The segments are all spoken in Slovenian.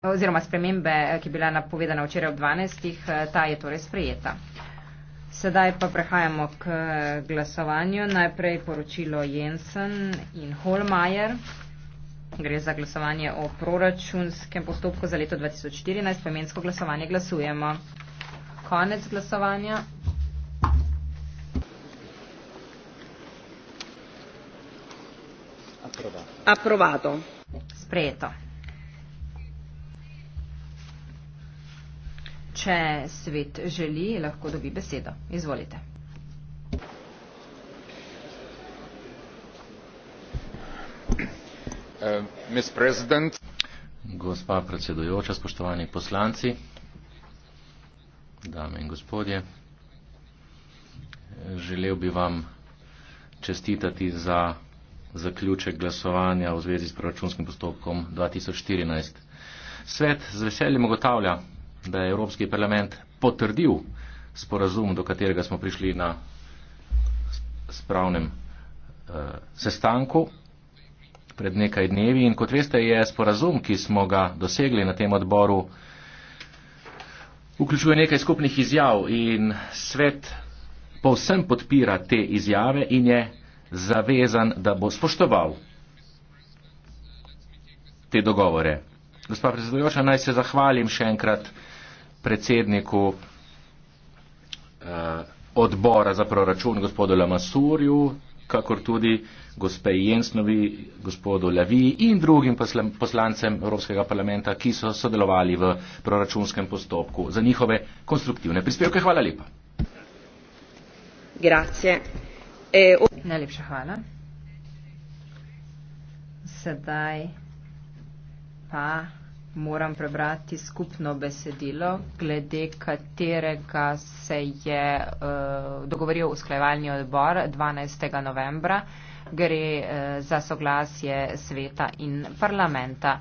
oziroma spremembe, eh, ki je bila napovedana včeraj ob 12. Eh, ta je torej sprejeta. Sedaj pa prehajamo k eh, glasovanju. Najprej poročilo Jensen in Holmeier. Gre za glasovanje o proračunskem postopku za leto 2014. Pomensko glasovanje glasujemo. Konec glasovanja. Aprovato. Aprovato. Sprejeto. Če svet želi, lahko dobi besedo. Izvolite. Uh, Gospa predsedujoča, spoštovani poslanci, dame in gospodje, želel bi vam čestitati za zaključek glasovanja v zvezi s proračunskim postopkom 2014. Svet z veseljem ugotavlja, da je Evropski parlament potrdil sporazum, do katerega smo prišli na spravnem eh, sestanku pred nekaj dnevi. In kot veste, je sporazum, ki smo ga dosegli na tem odboru, vključuje nekaj skupnih izjav in svet povsem podpira te izjave in je zavezan, da bo spoštoval te dogovore. Gospa predsedujoča, naj se zahvalim še enkrat predsedniku eh, odbora za proračun gospodu Lamasurju, kakor tudi gospe Jensnovi, gospodu Laviji in drugim poslancem Evropskega parlamenta, ki so sodelovali v proračunskem postopku za njihove konstruktivne prispevke. Hvala lepa. Grazie. E, o... Najlepša hvala. Sedaj pa moram prebrati skupno besedilo, glede katerega se je uh, dogovoril usklajevalni odbor 12. novembra. Gre uh, za soglasje sveta in parlamenta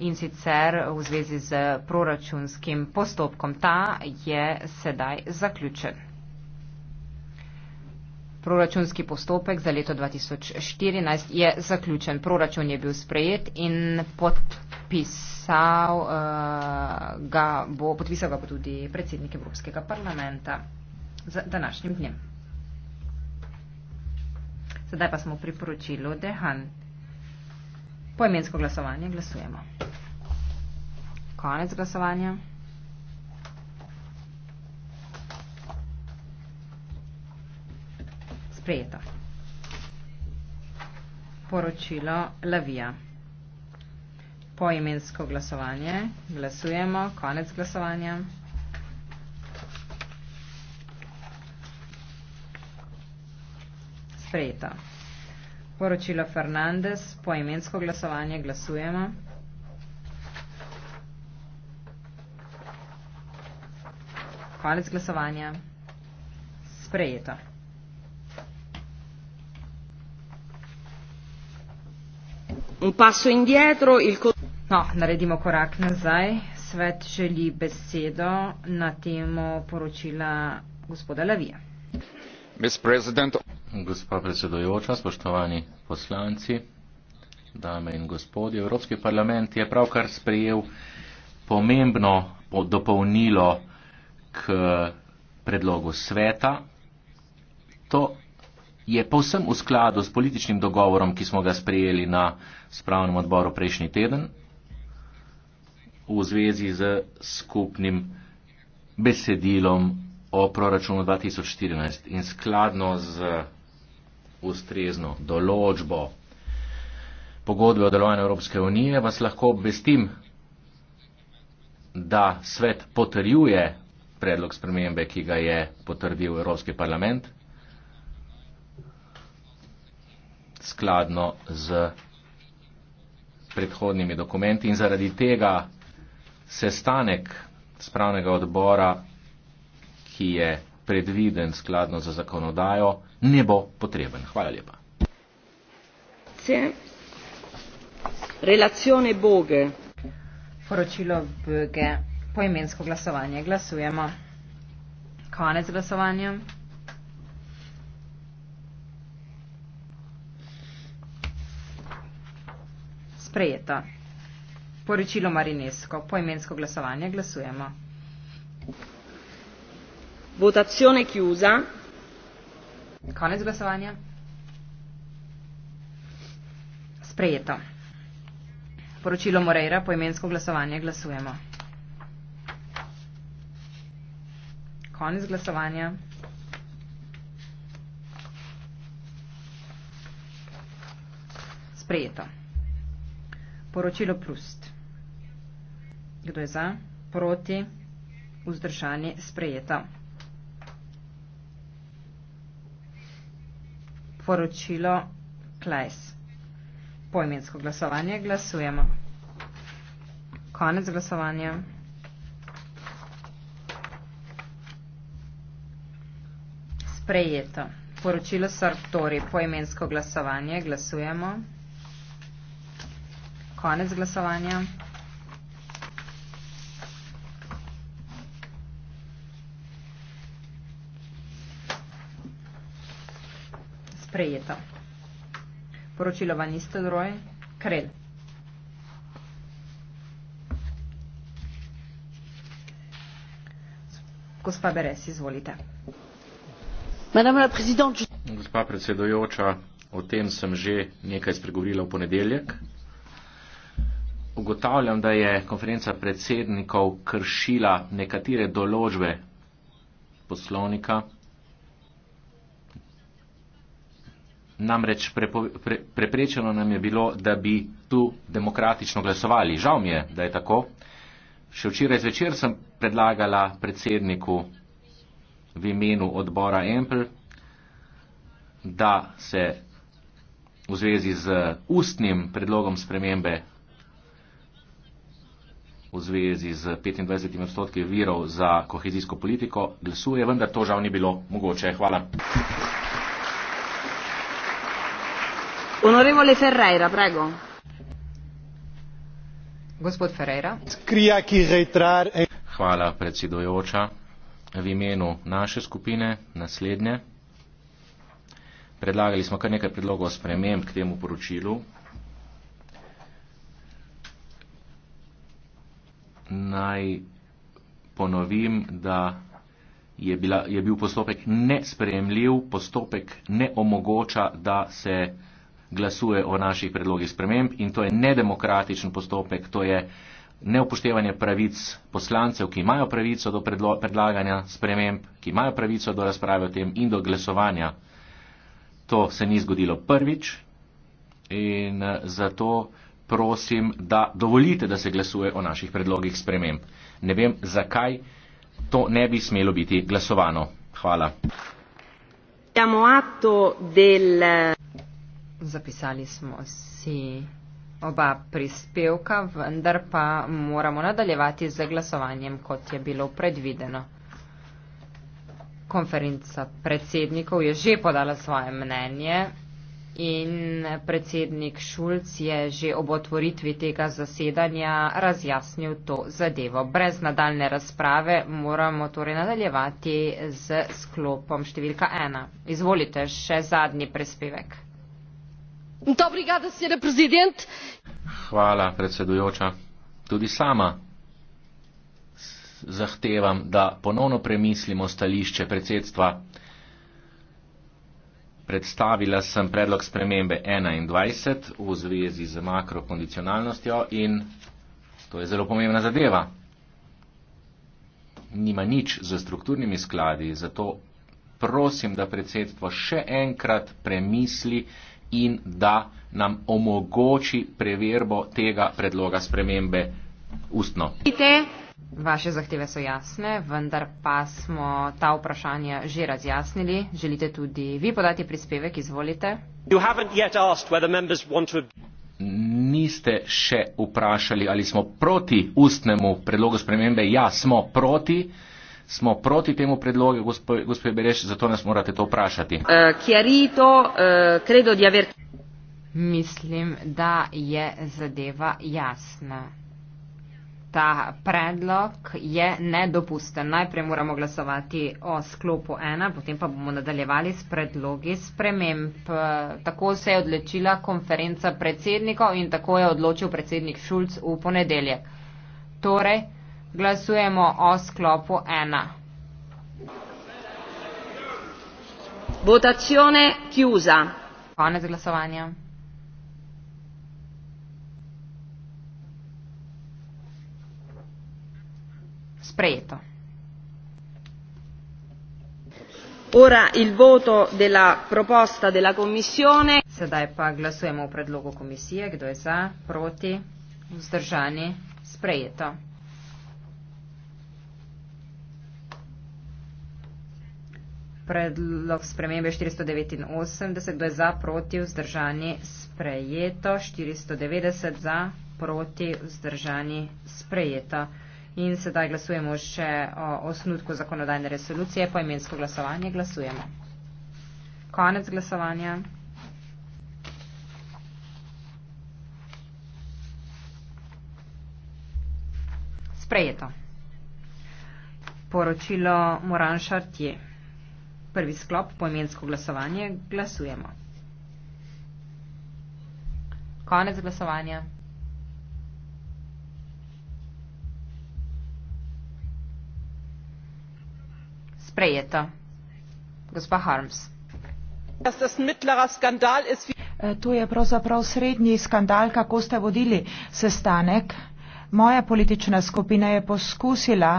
in sicer v zvezi z proračunskim postopkom. Ta je sedaj zaključen. Proračunski postopek za leto 2014 je zaključen. Proračun je bil sprejet in podprt podpisal, uh, eh, ga bo, podpisal ga bo tudi predsednik Evropskega parlamenta z današnjim dnem. Sedaj pa smo pri poročilu Dehan. Poimensko glasovanje glasujemo. Konec glasovanja. Sprejeto. Poročilo Lavija poimensko glasovanje. Glasujemo. Konec glasovanja. Sprejeto. Poročilo Fernandez. Poimensko glasovanje. Glasujemo. Konec glasovanja. Sprejeto. Un passo indietro, il No, naredimo korak nazaj. Svet želi besedo na temo poročila gospoda Lavija. Gospa predsedojoča, spoštovani poslanci, dame in gospodje, Evropski parlament je pravkar sprejel pomembno dopolnilo k predlogu sveta. To je povsem v skladu s političnim dogovorom, ki smo ga sprejeli na spravnem odboru prejšnji teden, v zvezi z skupnim besedilom o proračunu 2014 in skladno z ustrezno določbo pogodbe o delovanju Evropske unije vas lahko obvestim, da svet potrjuje predlog spremembe, ki ga je potrdil Evropski parlament skladno z predhodnimi dokumenti in zaradi tega sestanek spravnega odbora, ki je predviden skladno za zakonodajo, ne bo potreben. Hvala lepa. Relacione Boge. Poročilo Boge. Poimensko glasovanje. Glasujemo. Konec glasovanja. Sprejeta. Poročilo Marinesko. Po imensko glasovanje glasujemo. Votazione chiusa. Konec glasovanja. Sprejeto. Poročilo Moreira. Po imensko glasovanje glasujemo. Konec glasovanja. Sprejeto. Poročilo Prust. Kdo je za? Proti? Vzdržanje sprejeta. Poročilo Klajs. Pojmensko glasovanje glasujemo. Konec glasovanja. Sprejeto. Poročilo Sartori. Pojmensko glasovanje glasujemo. Konec glasovanja. prejeta. Poročilo van iste droje, krel. Gospa Beres, izvolite. Gospa predsedojoča, o tem sem že nekaj spregovorila v ponedeljek. Ugotavljam, da je konferenca predsednikov kršila nekatere določbe poslovnika Namreč prepo, pre, preprečeno nam je bilo, da bi tu demokratično glasovali. Žal mi je, da je tako. Še včeraj zvečer sem predlagala predsedniku v imenu odbora Empl, da se v zvezi z ustnim predlogom spremembe v zvezi z 25 odstotki virov za kohezijsko politiko glasuje, vendar to žal ni bilo mogoče. Hvala. onorevole ferreira prego gospod ferreira hvala predsedujoča v imenu naše skupine naslednje predlagali smo kar nekaj predlogov sprememb k temu poročilu naj ponovim da je, bila, je bil postopek nesprejemljiv postopek ne omogoča da se glasuje o naših predlogih sprememb in to je nedemokratičen postopek, to je neupoštevanje pravic poslancev, ki imajo pravico do predlaganja sprememb, ki imajo pravico do razprave o tem in do glasovanja. To se ni zgodilo prvič in eh, zato prosim, da dovolite, da se glasuje o naših predlogih sprememb. Ne vem, zakaj to ne bi smelo biti glasovano. Hvala. Siamo atto del. Zapisali smo si oba prispevka, vendar pa moramo nadaljevati z glasovanjem, kot je bilo predvideno. Konferenca predsednikov je že podala svoje mnenje in predsednik Šulc je že ob otvoritvi tega zasedanja razjasnil to zadevo. Brez nadaljne razprave moramo torej nadaljevati z sklopom številka ena. Izvolite še zadnji prispevek. Hvala, predsedujoča. Tudi sama zahtevam, da ponovno premislimo stališče predsedstva. Predstavila sem predlog spremembe 21 v zvezi z makrokondicionalnostjo in to je zelo pomembna zadeva. Nima nič z strukturnimi skladi, zato prosim, da predsedstvo še enkrat premisli in da nam omogoči preverbo tega predloga spremembe ustno. Vaše zahteve so jasne, vendar pa smo ta vprašanja že razjasnili. Želite tudi vi podati prispevek? Izvolite. Niste še vprašali, ali smo proti ustnemu predlogu spremembe. Ja, smo proti smo proti temu predlogu, gospod Bereš, zato nas morate to vprašati. Eh, eh, Mislim, da je zadeva jasna. Ta predlog je nedopusten. Najprej moramo glasovati o sklopu 1, potem pa bomo nadaljevali s predlogi sprememb. Tako se je odločila konferenca predsednikov in tako je odločil predsednik Šulc v ponedeljek. Torej, Glasujemo o sklopu 1. Votazione chiusa. Konec glasovanja. Sprejeto. Ora il voto della proposta della Commissione. Sedaj pa glasujemo o predlogu komisije, kdo je za, proti, vzdržani, sprejeto. predlog spremembe 489, kdo je za, proti, vzdržani, sprejeto, 490 za, proti, vzdržani, sprejeto. In sedaj glasujemo še o osnutku zakonodajne resolucije, poimensko glasovanje glasujemo. Konec glasovanja. Sprejeto. Poročilo Moran Šartier. Prvi sklop, poimensko glasovanje, glasujemo. Konec glasovanja. Sprejeto. Gospa Harms. E, to je pravzaprav srednji skandal, kako ste vodili sestanek. Moja politična skupina je poskusila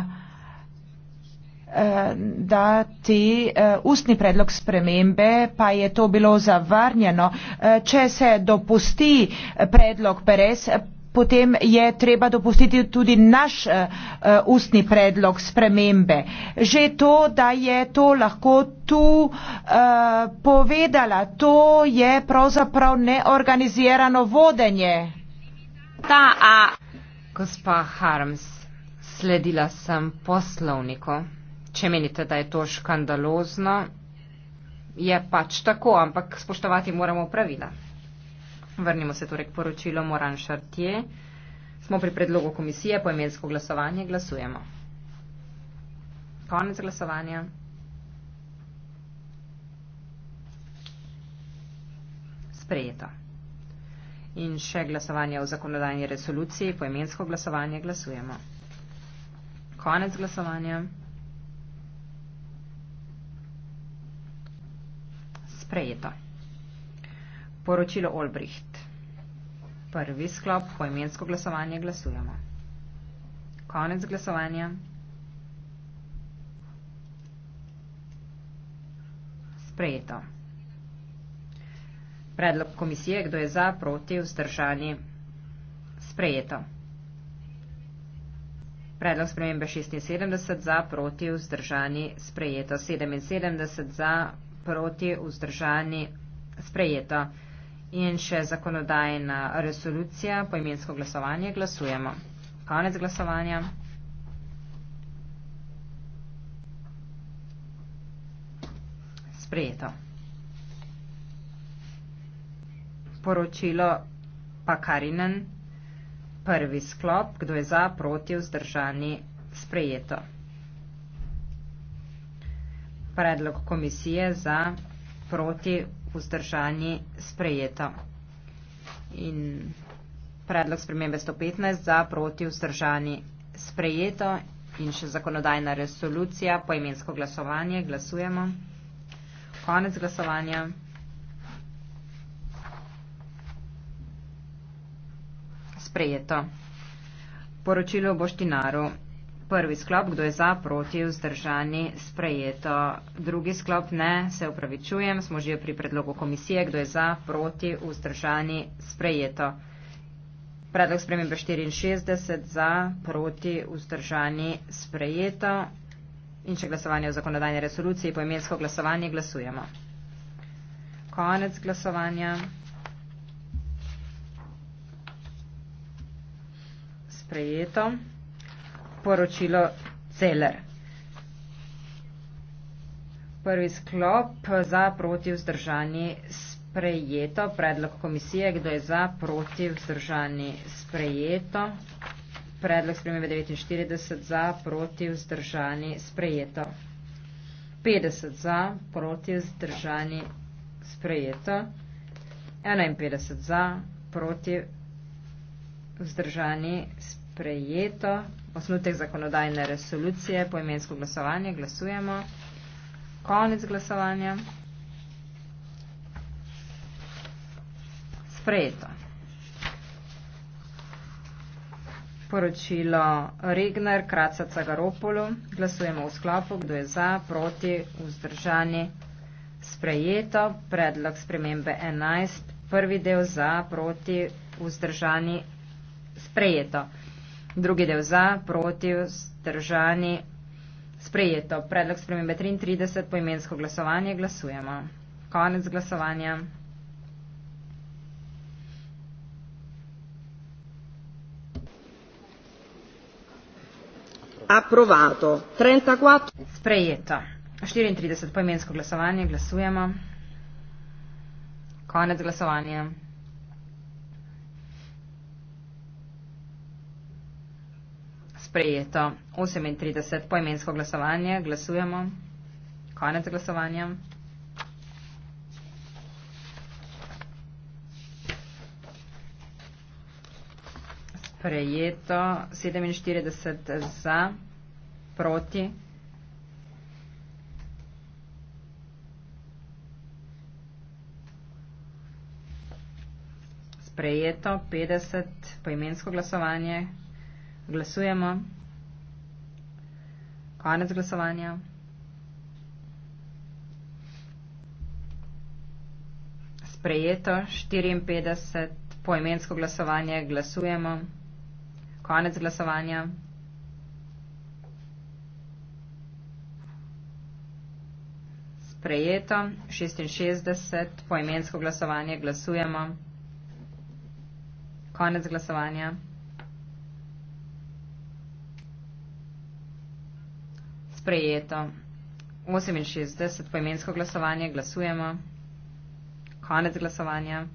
dati eh, ustni predlog spremembe, pa je to bilo zavrnjeno. Eh, če se dopusti eh, predlog PRS, potem je treba dopustiti tudi naš ustni predlog spremembe. Že to, da je to lahko tu povedala, to je pravzaprav neorganizirano vodenje. Ta A. Gospa Harms, sledila sem poslovniku če menite, da je to škandalozno, je pač tako, ampak spoštovati moramo pravila. Vrnimo se torej k poročilu Moran Šartje. Smo pri predlogu komisije po imensko glasovanje. Glasujemo. Konec glasovanja. Sprejeto. In še glasovanje o zakonodajni resoluciji. Po imensko glasovanje glasujemo. Konec glasovanja. sprejeta. Poročilo Olbricht. Prvi sklop, poimensko glasovanje, glasujemo. Konec glasovanja. Sprejeto. Predlog komisije, kdo je za, proti, vzdržani. Sprejeto. Predlog spremembe 76 za, proti, vzdržani. Sprejeto. 77 za, proti vzdržani sprejeto. In še zakonodajna resolucija, poimensko glasovanje, glasujemo. Konec glasovanja. Sprejeto. Poročilo Pakarinen, prvi sklop, kdo je za, proti, vzdržani, sprejeto predlog komisije za proti vzdržanji sprejeta. In predlog spremembe 115 za proti vzdržanji sprejeto in še zakonodajna resolucija po imensko glasovanje. Glasujemo. Konec glasovanja. Sprejeto. Poročilo Boštinaru prvi sklop, kdo je za, proti, vzdržani, sprejeto. Drugi sklop ne, se upravičujem, smo že pri predlogu komisije, kdo je za, proti, vzdržani, sprejeto. Predlog spremembe 64 za, proti, vzdržani, sprejeto. In če glasovanje o zakonodajni resoluciji, poimensko glasovanje glasujemo. Konec glasovanja. Sprejeto poročilo Celer. Prvi sklop za proti vzdržani sprejeto, predlog komisije, kdo je za proti vzdržani sprejeto, predlog spremembe 49 za proti vzdržani sprejeto, 50 za proti vzdržani sprejeto, 51 za proti vzdržani sprejeto sprejeto osnutek zakonodajne resolucije po imensko glasovanje. Glasujemo. Konec glasovanja. Sprejeto. Poročilo Regner, Kraca Cagaropolu. Glasujemo v sklopu, kdo je za, proti, vzdržani. Sprejeto. Predlog spremembe 11. Prvi del za, proti, vzdržani. Sprejeto drugi del za, proti, vzdržani. Sprejeto. Predlog spremembe 33, poimensko glasovanje, glasujemo. Konec glasovanja. Approvato. 34. Sprejeto. 34, poimensko glasovanje, glasujemo. Konec glasovanja. sprejeto. 38 poimensko glasovanje. Glasujemo. Konec glasovanja. Prejeto 47 za, proti. Prejeto 50 poimensko glasovanje, Glasujemo. Konec glasovanja. Sprejeto 54, poimensko glasovanje, glasujemo. Konec glasovanja. Sprejeto 66, poimensko glasovanje, glasujemo. Konec glasovanja. Sprejeto. 68 poimensko glasovanje. Glasujemo. Konec glasovanja.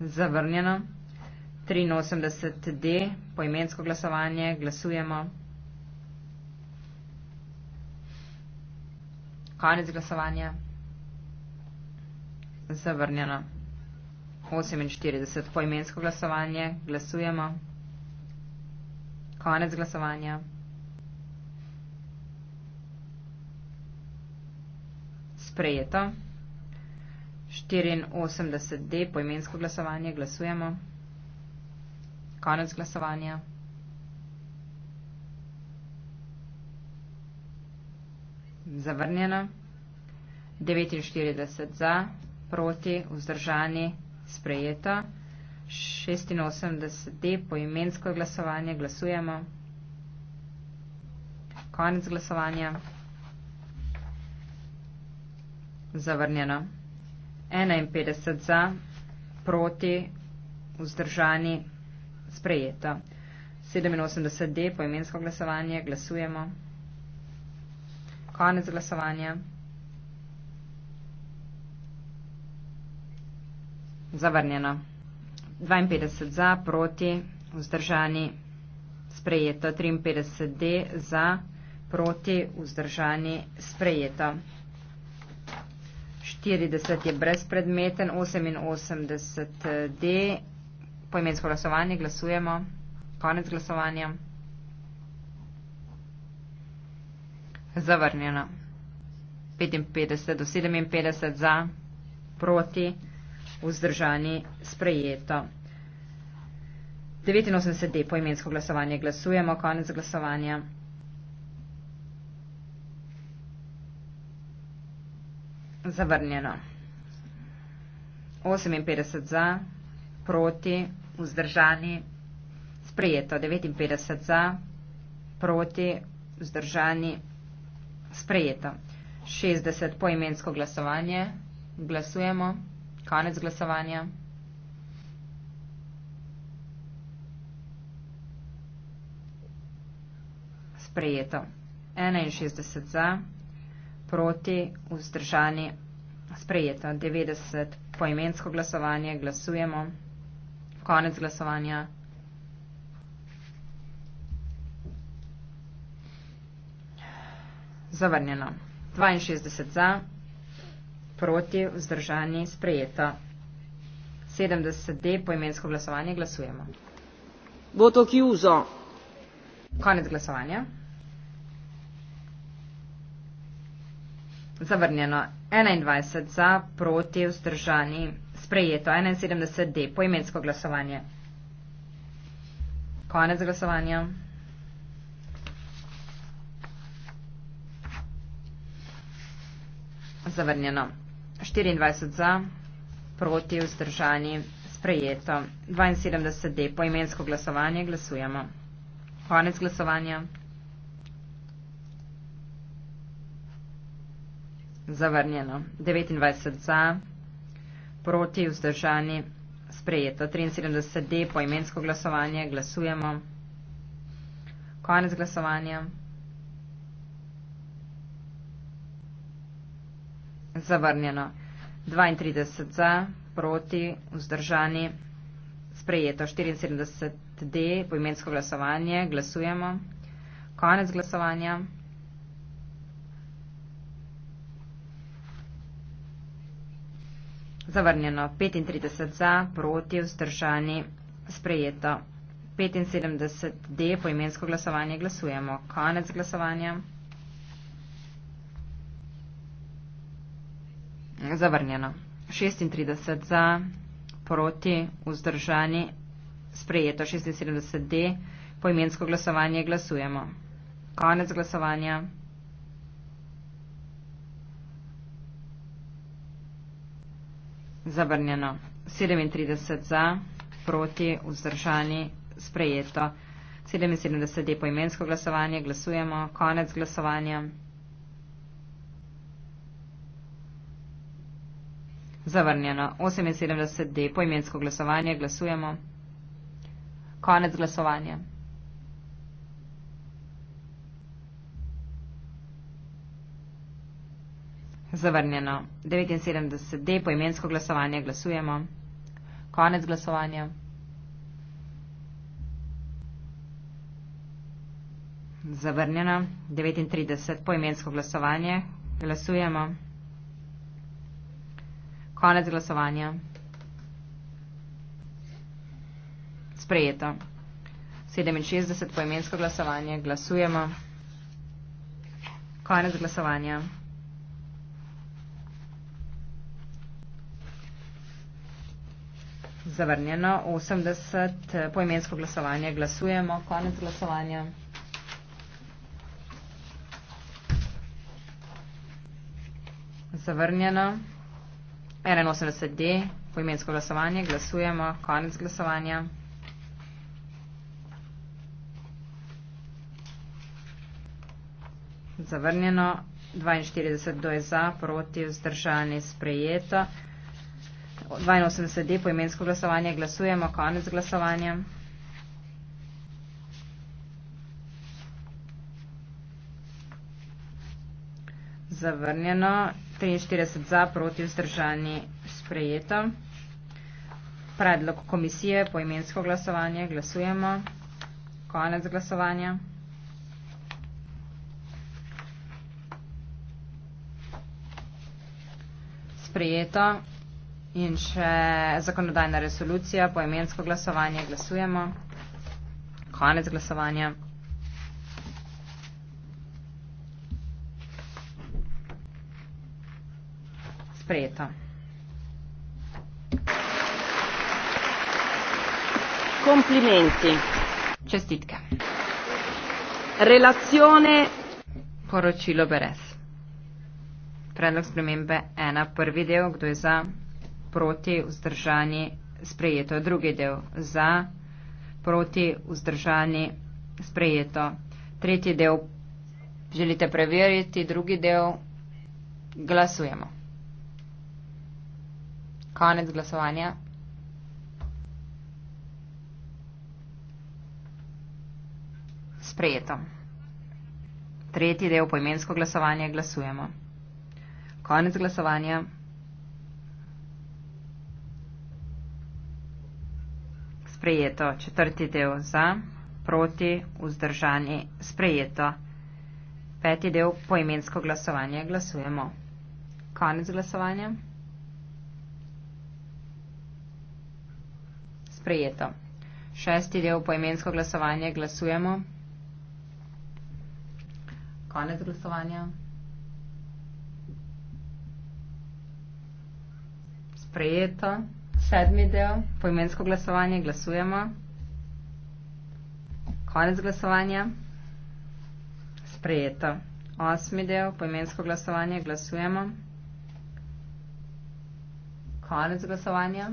Zavrnjeno. 83D poimensko glasovanje. Glasujemo. Konec glasovanja. Zavrnjeno. 48, poimensko glasovanje, glasujemo. Konec glasovanja. Sprejeto. 84D, poimensko glasovanje, glasujemo. Konec glasovanja. Zavrnjeno. 49 za, proti, vzdržani sprejeto. 86D poimensko glasovanje glasujemo. Konec glasovanja. Zavrnjeno. 51 za, proti, vzdržani, sprejeto. 87D poimensko glasovanje glasujemo. Konec glasovanja. Zavrnjeno. 52 za, proti, vzdržani, sprejeto. 53 D za, proti, vzdržani, sprejeto. 40 je brezpredmeten, 88 D. Poimensko glasovanje glasujemo. Konec glasovanja. Zavrnjeno. 55 do 57 za, proti, vzdržani sprejeto. 89 D poimensko glasovanje. Glasujemo. Konec glasovanja. Zavrnjeno. 58 za, proti, vzdržani, sprejeto. 59 za, proti, vzdržani, sprejeto. 60 poimensko glasovanje. Glasujemo. Konec glasovanja. Sprejeto. 61 za, proti, vzdržani. Sprejeto. 90 poimensko glasovanje. Glasujemo. Konec glasovanja. Zavrnjeno. 62 za, proti vzdržani sprejeta. 70D poimensko glasovanje glasujemo. Voto chiuso. Konec glasovanja. Zavrnjeno. 21 za, proti, vzdržani. Sprejeto. 71D poimensko glasovanje. Konec glasovanja. Zavrnjeno. 24 za, proti, vzdržani, sprejeto. 72 D, poimensko glasovanje, glasujemo. Konec glasovanja. Zavrnjeno. 29 za, proti, vzdržani, sprejeto. 73 D, poimensko glasovanje, glasujemo. Konec glasovanja. Zavrnjeno. 32 za, proti, vzdržani. Sprejeto. 74D, poimensko glasovanje. Glasujemo. Konec glasovanja. Zavrnjeno. 35 za, proti, vzdržani. Sprejeto. 75D, poimensko glasovanje. Glasujemo. Konec glasovanja. zavrnjeno. 36 za, proti, vzdržani, sprejeto 76D, poimensko glasovanje glasujemo. Konec glasovanja. Zavrnjeno. 37 za, proti, vzdržani, sprejeto. 77 je poimensko glasovanje, glasujemo, konec glasovanja. Zavrnjeno. 78 D. Poimensko glasovanje. Glasujemo. Konec glasovanja. Zavrnjeno. 79 D. Poimensko glasovanje. Glasujemo. Konec glasovanja. Zavrnjeno. 39. Poimensko glasovanje. Glasujemo. Konec glasovanja. Sprejeto. 67 poimensko glasovanje. Glasujemo. Konec glasovanja. Zavrnjeno. 80 eh, poimensko glasovanje. Glasujemo. Konec glasovanja. Zavrnjeno. 81D, poimensko glasovanje, glasujemo, konec glasovanja. Zavrnjeno, 42 do je za, proti, vzdržani, sprejeto. 82D, poimensko glasovanje, glasujemo, konec glasovanja. Zavrnjeno. 43 za, proti vzdržani sprejeto. Predlog komisije po imensko glasovanje. Glasujemo. Konec glasovanja. Sprejeto. In še zakonodajna resolucija po imensko glasovanje. Glasujemo. Konec glasovanja. sprejeta. Komplimenti. Čestitke. Relacione. Poročilo Beres. Predlog spremembe ena, prvi del, kdo je za, proti, vzdržani, sprejeto. Drugi del, za, proti, vzdržani, sprejeto. Tretji del, želite preveriti, drugi del, glasujemo. Konec glasovanja. Sprejeto. Tretji del poimensko glasovanje glasujemo. Konec glasovanja. Sprejeto. Četrti del za, proti, vzdržani. Sprejeto. Peti del poimensko glasovanje glasujemo. Konec glasovanja. sprejeto. Šesti del poimensko glasovanje glasujemo. Konec glasovanja. Sprejeto. Sedmi del poimensko glasovanje glasujemo. Konec glasovanja. Sprejeto. Osmi del poimensko glasovanje glasujemo. Konec glasovanja.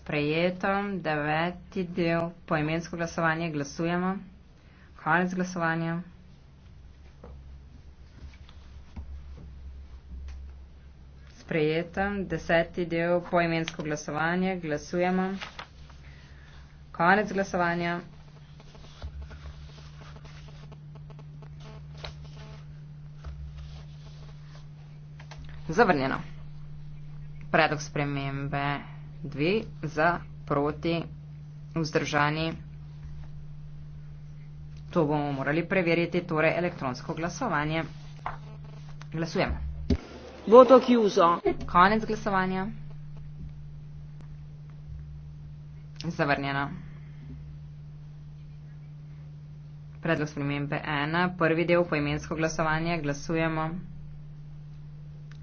sprejeto, deveti del, poimensko glasovanje, glasujemo. Konec glasovanja. Sprejeto, deseti del, poimensko glasovanje, glasujemo. Konec glasovanja. Zavrnjeno. Predlog spremembe dve, za, proti, vzdržani. To bomo morali preveriti, torej elektronsko glasovanje. Glasujemo. Voto kjuzo. Konec glasovanja. Zavrnjeno. Predlog spremembe 1. Prvi del poimensko glasovanje. Glasujemo.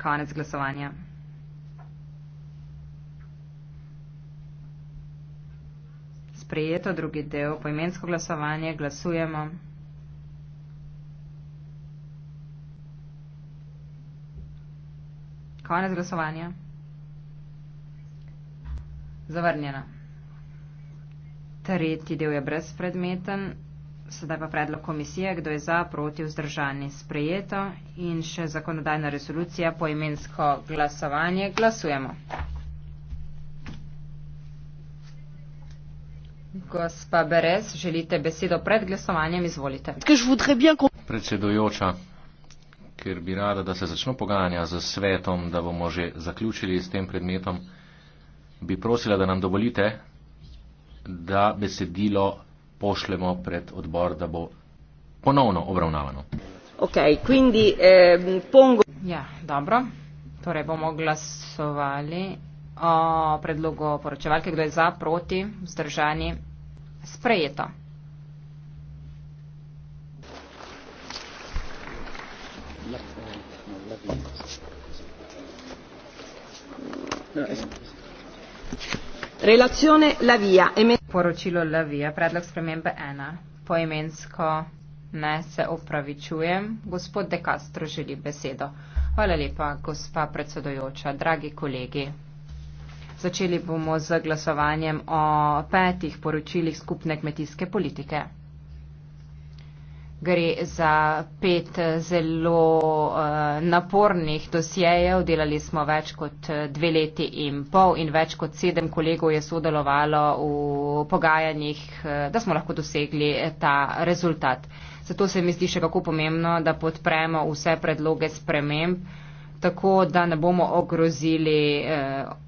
Konec glasovanja. sprejeto, drugi del, poimensko glasovanje, glasujemo. Konec glasovanja. Zavrnjeno. Tretji del je brezpredmeten. Sedaj pa predlog komisije, kdo je za, proti, vzdržani, sprejeto in še zakonodajna resolucija, poimensko glasovanje, glasujemo. Gospa Berez, želite besedo pred glasovanjem? Izvolite. Predsedujoča, ker bi rada, da se začno pogajanja z svetom, da bomo že zaključili s tem predmetom, bi prosila, da nam dovolite, da besedilo pošljemo pred odbor, da bo ponovno obravnavano. Okay, quindi, eh, pongo... Ja, dobro. Torej bomo glasovali o predlogu poročevalke, kdo je za, proti, vzdržani sprejeta. Relazione la via. Poročilo la via, predlog spremembe ena. Poimensko ne se opravičujem. Gospod De Castro želi besedo. Hvala lepa, gospa predsedojoča, dragi kolegi. Začeli bomo z glasovanjem o petih poročilih skupne kmetijske politike. Gre za pet zelo uh, napornih dosjejev. Delali smo več kot eh, dve leti in pol in več kot sedem kolegov je sodelovalo v pogajanjih, uh, da smo lahko dosegli ta rezultat. Zato se mi zdi še kako pomembno, da podpremo vse predloge sprememb, tako da ne bomo ogrozili. Uh,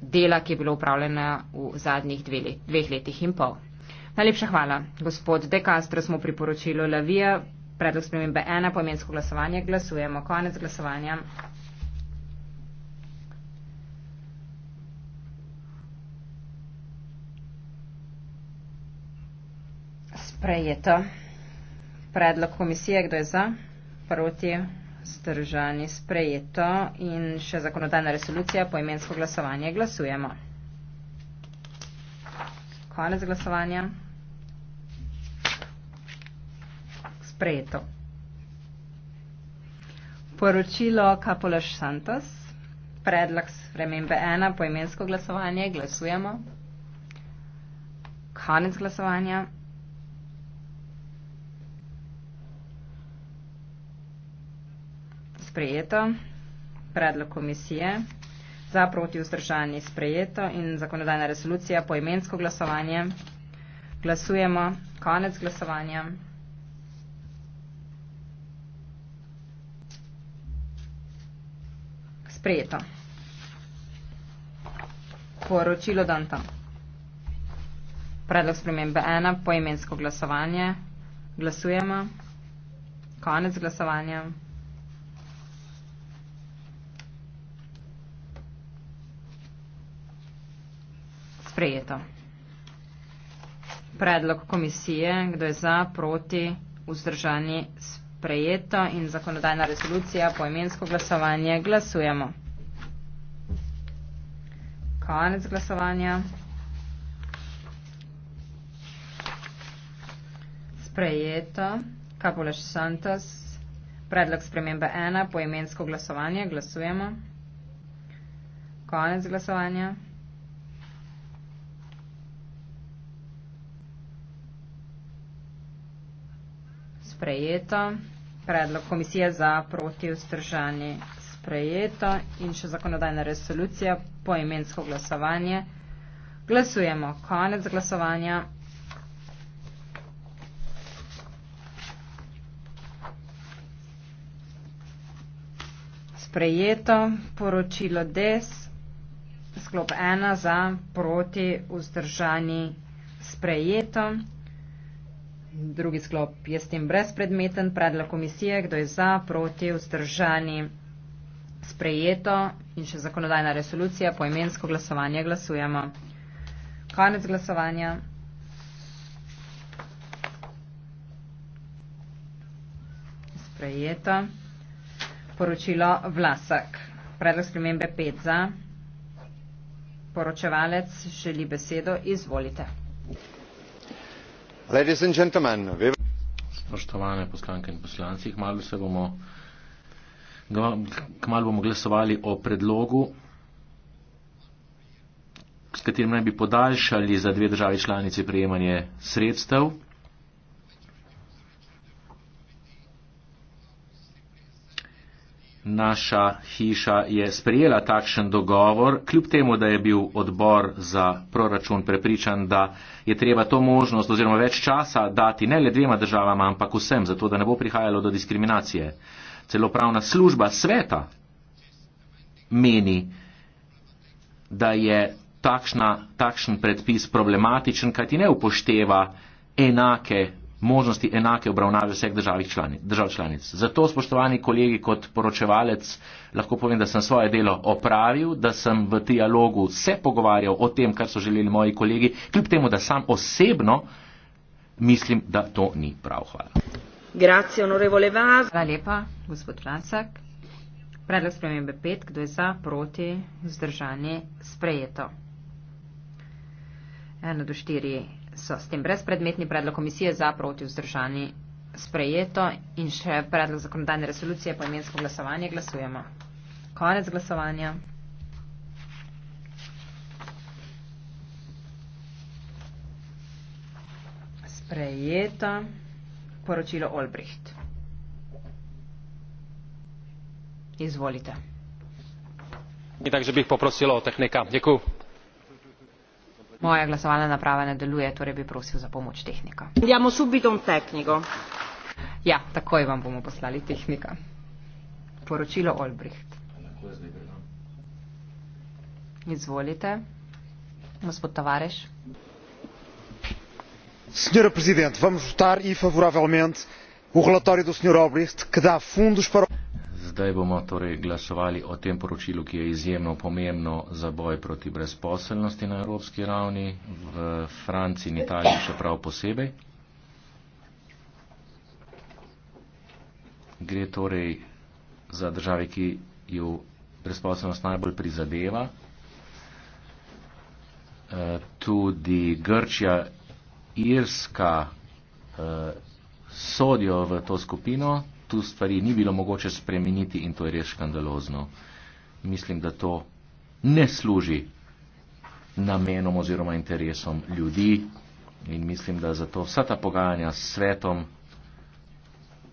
dela, ki je bilo upravljena v zadnjih dve le, dveh letih in pol. Najlepša hvala. Gospod De Castro, smo priporočilo Lavija, predlog spremembe ena, pomensko glasovanje. Glasujemo. Konec glasovanja. Sprejeto. Predlog komisije, kdo je za? Proti. Zdržani sprejeto in še zakonodajna resolucija po imensko glasovanje. Glasujemo. Konec glasovanja. Sprejeto. Poročilo Kapolaš Santos. Predlog spremembe ena po imensko glasovanje. Glasujemo. Konec glasovanja. sprejeto, predlog komisije za proti vzdržanje sprejeto in zakonodajna resolucija po imensko glasovanje. Glasujemo, konec glasovanja. Sprejeto. Poročilo Danta. Predlog spremembe 1, poimensko glasovanje. Glasujemo. Konec glasovanja. sprejeto. Predlog komisije, kdo je za, proti, vzdržani, sprejeto in zakonodajna rezolucija, poimensko glasovanje, glasujemo. Konec glasovanja. Sprejeto. Kapulaš Santos. Predlog spremembe 1. Poimensko glasovanje. Glasujemo. Konec glasovanja. sprejeto, predlog komisije za proti vzdržanje sprejeto in še zakonodajna resolucija po imensko glasovanje. Glasujemo. Konec glasovanja. Sprejeto poročilo DES, sklop 1 za proti vzdržanje sprejeto. Drugi sklop je s tem brezpredmeten. Predlog komisije, kdo je za, proti, vzdržani, sprejeto in še zakonodajna resolucija. Po imensko glasovanje glasujemo. Konec glasovanja. Sprejeto. Poročilo Vlasak. Predlog spremembe 5 za. Poročevalec želi besedo. Izvolite. Thank you spoštovane poslanke in poslanci, kmalu, se bomo, kmalu bomo glasovali o predlogu, s katerim naj bi podaljšali za dve državi članici prejemanje sredstev. naša hiša je sprejela takšen dogovor, kljub temu, da je bil odbor za proračun prepričan, da je treba to možnost oziroma več časa dati ne le dvema državama, ampak vsem, zato da ne bo prihajalo do diskriminacije. Celo pravna služba sveta meni, da je takšna, takšen predpis problematičen, kajti ne upošteva enake možnosti enake obravnave vseh članic, držav članic. Zato, spoštovani kolegi, kot poročevalec lahko povem, da sem svoje delo opravil, da sem v dialogu se pogovarjal o tem, kar so želeli moji kolegi, kljub temu, da sam osebno mislim, da to ni prav. Hvala. Grazie, onorevole Vaz. Hvala lepa, gospod Francak. Predlog spremembe 5, kdo je za, proti, zdržanje, sprejeto. 1 do 4 so s tem brezpredmetni predlog komisije za proti vzdržani sprejeto in še predlog zakonodajne resolucije po imensko glasovanje glasujemo. Konec glasovanja. Sprejeto poročilo Olbricht. Izvolite. Takže bih poprosil o technika. Děkuji. Moja glasovalna naprava ne deluje, torej bi prosil za pomoč tehnika. Idemo subito v tehniko. Ja, takoj vam bomo poslali tehnika. Poročilo Olbricht. Izvolite, gospod Tavareš. Senhora Presidente, vamos votar e favoravelmente o relatório do Sr. Obrist, que dá fundos para o. Zdaj bomo torej glasovali o tem poročilu, ki je izjemno pomembno za boj proti brezposelnosti na evropski ravni, v Franciji in Italiji še prav posebej. Gre torej za državi, ki jo brezposelnost najbolj prizadeva. Eh, tudi Grčija, Irska eh, sodijo v to skupino, tu stvari ni bilo mogoče spremeniti in to je res škandalozno. Mislim, da to ne služi namenom oziroma interesom ljudi in mislim, da zato vsa ta pogajanja s svetom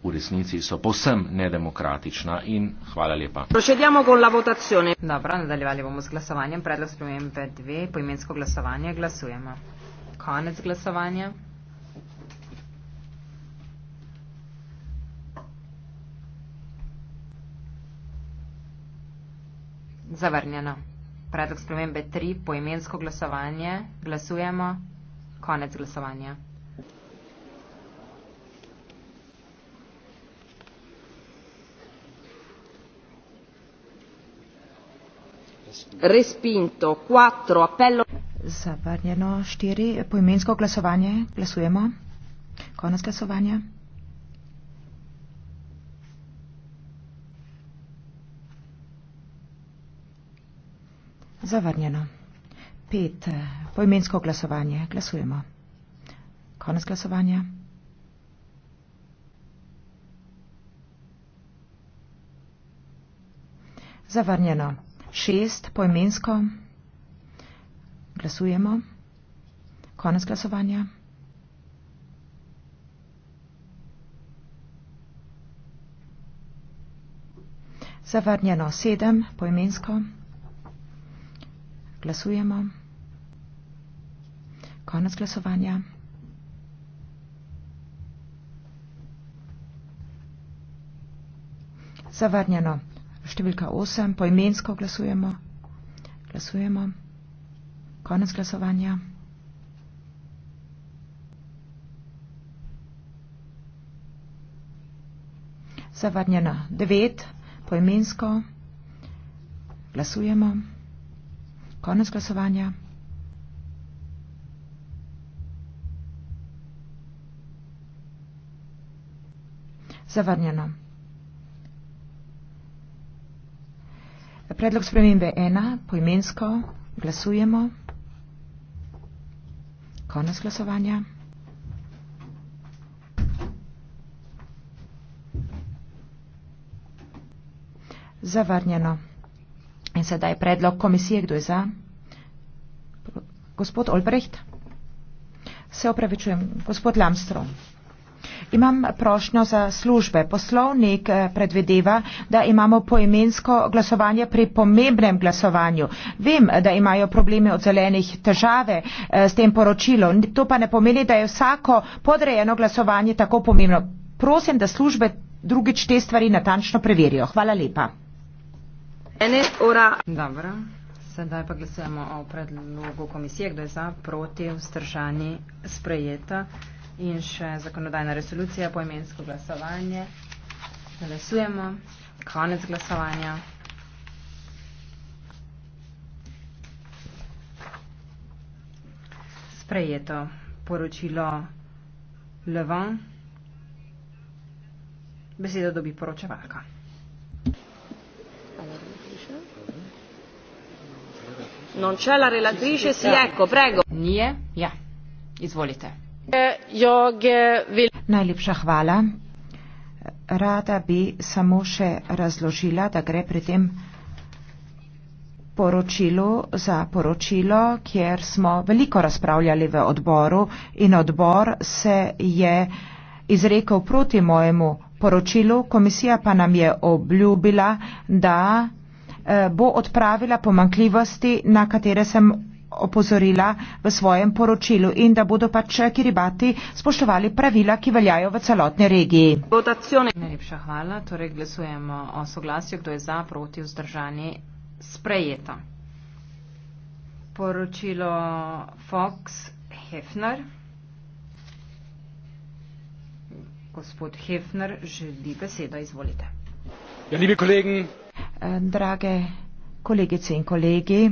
v resnici so povsem nedemokratična in hvala lepa. Procediamo con la votazione. Dobro, nadaljevali bomo z glasovanjem. Predlog spremembe 2, poimensko glasovanje, glasujemo. Konec glasovanja. Zavrnjeno. Predlog spremembe 3, poimensko glasovanje, glasujemo, konec glasovanja. Respinto, quattro, appello. Zavrnjeno, štiri, poimensko glasovanje, glasujemo, konec glasovanja. Zavrnjeno. Pet. Eh, poimensko glasovanje. Glasujemo. Konec glasovanja. Zavrnjeno. Šest. Poimensko. Glasujemo. Konec glasovanja. Zavrnjeno. Sedem. Poimensko. Glasujemo. Glasujemo. Konec glasovanja. Zavrnjeno. Številka 8. Poimensko glasujemo. Glasujemo. Konec glasovanja. Zavrnjeno. 9. Poimensko. Glasujemo. Konec glasovanja. Zavrnjeno. Predlog spremembe ena, poimensko, glasujemo. Konec glasovanja. Zavrnjeno sedaj predlog komisije. Kdo je za? Gospod Olbrecht. Se opravičujem. Gospod Lamstrom. Imam prošnjo za službe. Poslovnik eh, predvedeva, da imamo poimensko glasovanje pri pomembnem glasovanju. Vem, da imajo probleme od zelenih težave eh, s tem poročilom. To pa ne pomeni, da je vsako podrejeno glasovanje tako pomembno. Prosim, da službe drugič te stvari natančno preverijo. Hvala lepa. Ene ura. Dobro. Sedaj pa glasujemo o predlogu komisije, kdo je za, proti, vzdržani, sprejeta in še zakonodajna resolucija, poimensko glasovanje. Glasujemo. Konec glasovanja. Sprejeto poročilo Levan. Besedo dobi poročevalka. Hvala. Non c'è la relatrice? Sì, ecco, prego. Nie? Ja. Izvolite. Jag vill... Najlepša hvala. Rada bi samo še razložila, da gre pri tem poročilu za poročilo, kjer smo veliko razpravljali v odboru in odbor se je izrekel proti mojemu poročilu, komisija pa nam je obljubila, da Eh, bo odpravila pomankljivosti, na katere sem opozorila v svojem poročilu in da bodo pač kiribati spoštovali pravila, ki veljajo v celotni regiji. Votacione. Najlepša hvala. Torej glasujemo o soglasju, kdo je za, proti, vzdržani, sprejeto. Poročilo Fox Hefner. Gospod Hefner želi besedo, izvolite. Ja, drage kolegice in kolegi.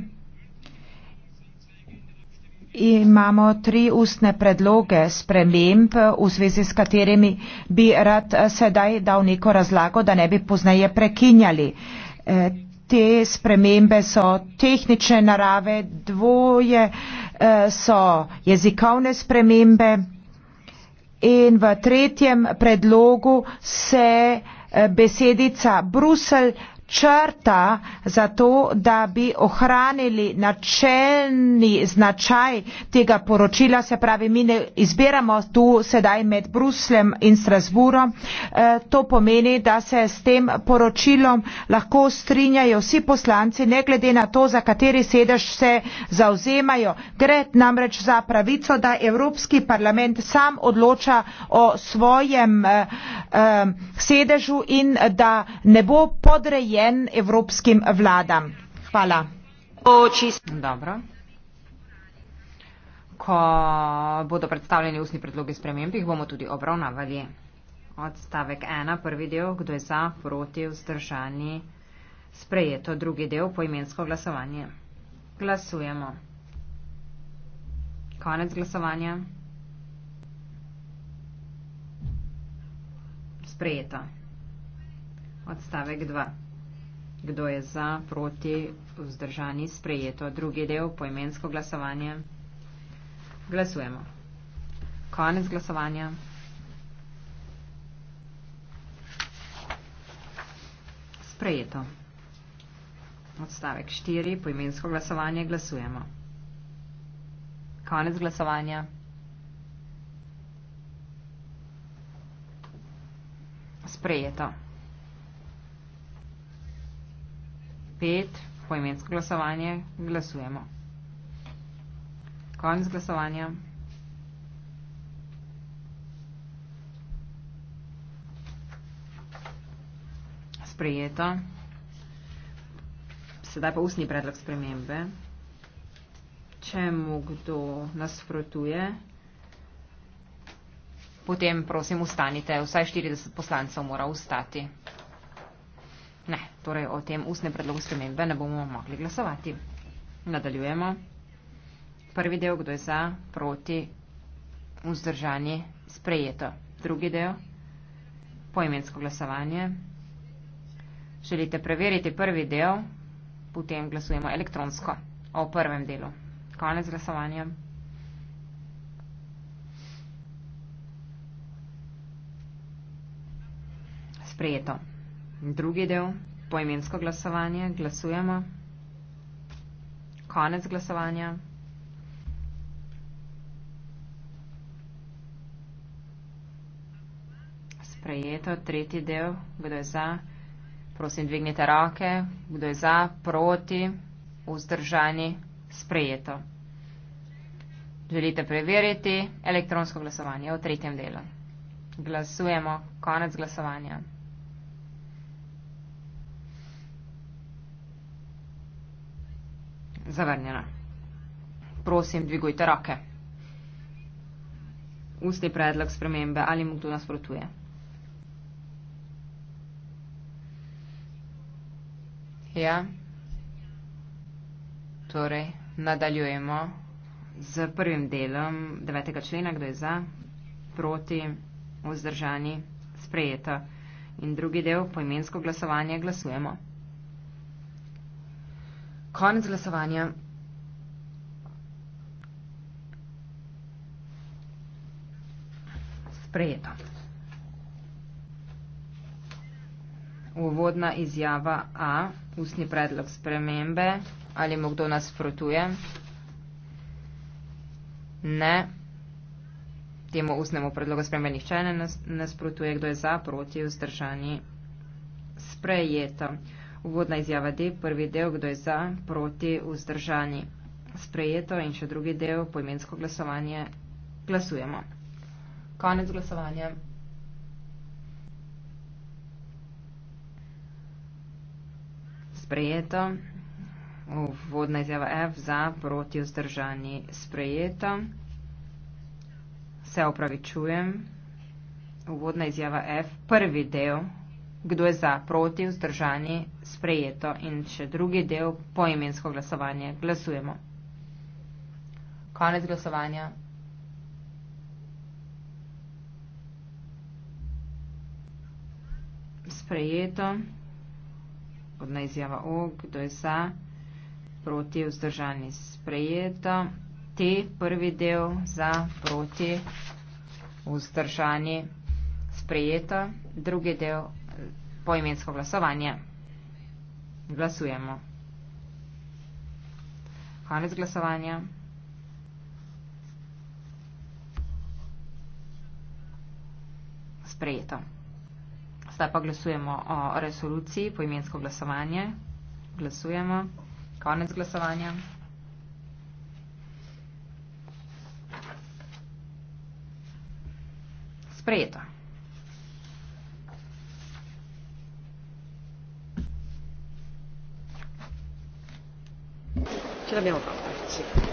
Imamo tri ustne predloge sprememb, v zvezi s katerimi bi rad eh, sedaj dal neko razlago, da ne bi poznaje prekinjali. Eh, te spremembe so tehnične narave, dvoje eh, so jezikovne spremembe in v tretjem predlogu se besedica Brusel črta za to, da bi ohranili načelni značaj tega poročila, se pravi, mi ne izbiramo tu sedaj med Bruslem in Strasburom. E, to pomeni, da se s tem poročilom lahko strinjajo vsi poslanci, ne glede na to, za kateri sedež se zauzemajo. Gre namreč za pravico, da Evropski parlament sam odloča o svojem e, e, sedežu in da ne bo podrejen namenjen evropskim vladam. Hvala. Dobro. Ko bodo predstavljeni ustni predlogi sprememb, jih bomo tudi obravnavali. Odstavek 1, prvi del, kdo je za, proti, vzdržani, sprejeto, drugi del, poimensko glasovanje. Glasujemo. Konec glasovanja. Sprejeto. Odstavek 2 kdo je za, proti, vzdržani, sprejeto. Drugi del, poimensko glasovanje. Glasujemo. Konec glasovanja. Sprejeto. Odstavek 4, poimensko glasovanje. Glasujemo. Konec glasovanja. Sprejeto. 5, poimensko glasovanje, glasujemo. Konec glasovanja. Sprejeto. Sedaj pa usni predlog spremembe. Če mu kdo nasprotuje, potem prosim ustanite, vsaj 40 poslancev mora ustati torej o tem ustne predlogu spremembe ne bomo mogli glasovati. Nadaljujemo. Prvi del, kdo je za, proti, vzdržanje, sprejeto. Drugi del, poimensko glasovanje. Želite preveriti prvi del, potem glasujemo elektronsko o prvem delu. Konec glasovanja. Sprejeto. Drugi del poimensko glasovanje. Glasujemo. Konec glasovanja. Sprejeto. Tretji del. Kdo je za? Prosim, dvignite roke. Kdo je za? Proti? Vzdržani? Sprejeto. Želite preveriti elektronsko glasovanje v tretjem delu. Glasujemo. Konec glasovanja. zavrnjena. Prosim, dvigujte roke. Ustni predlog spremembe ali mu kdo nasprotuje. Ja, torej nadaljujemo z prvim delom 9. člena, kdo je za, proti, vzdržani, sprejeto. In drugi del, poimensko glasovanje, glasujemo. Konec glasovanja. Sprejeto. Uvodna izjava A, ustni predlog spremembe, ali mu kdo nasprotuje? Ne. Temu ustnemu predlogu spremembe nihče ne nasprotuje, kdo je za, proti, vzdržani. Sprejeto uvodna izjava D, prvi del, kdo je za, proti, vzdržani, sprejeto in še drugi del, poimensko glasovanje, glasujemo. Konec glasovanja. Sprejeto. Uvodna izjava F, za, proti, vzdržani, sprejeto. Se opravičujem. Uvodna izjava F, prvi del kdo je za, proti, vzdržani, sprejeto in še drugi del poimensko glasovanje. Glasujemo. Konec glasovanja. Sprejeto. Odna izjava O, kdo je za, proti, vzdržani, sprejeto. T, prvi del, za, proti, vzdržani, sprejeto. Drugi del, poimensko glasovanje. Glasujemo. Konec glasovanja. Sprejeto. Zdaj pa glasujemo o resoluciji, poimensko glasovanje. Glasujemo. Konec glasovanja. Sprejeto. ce l'abbiamo fatta.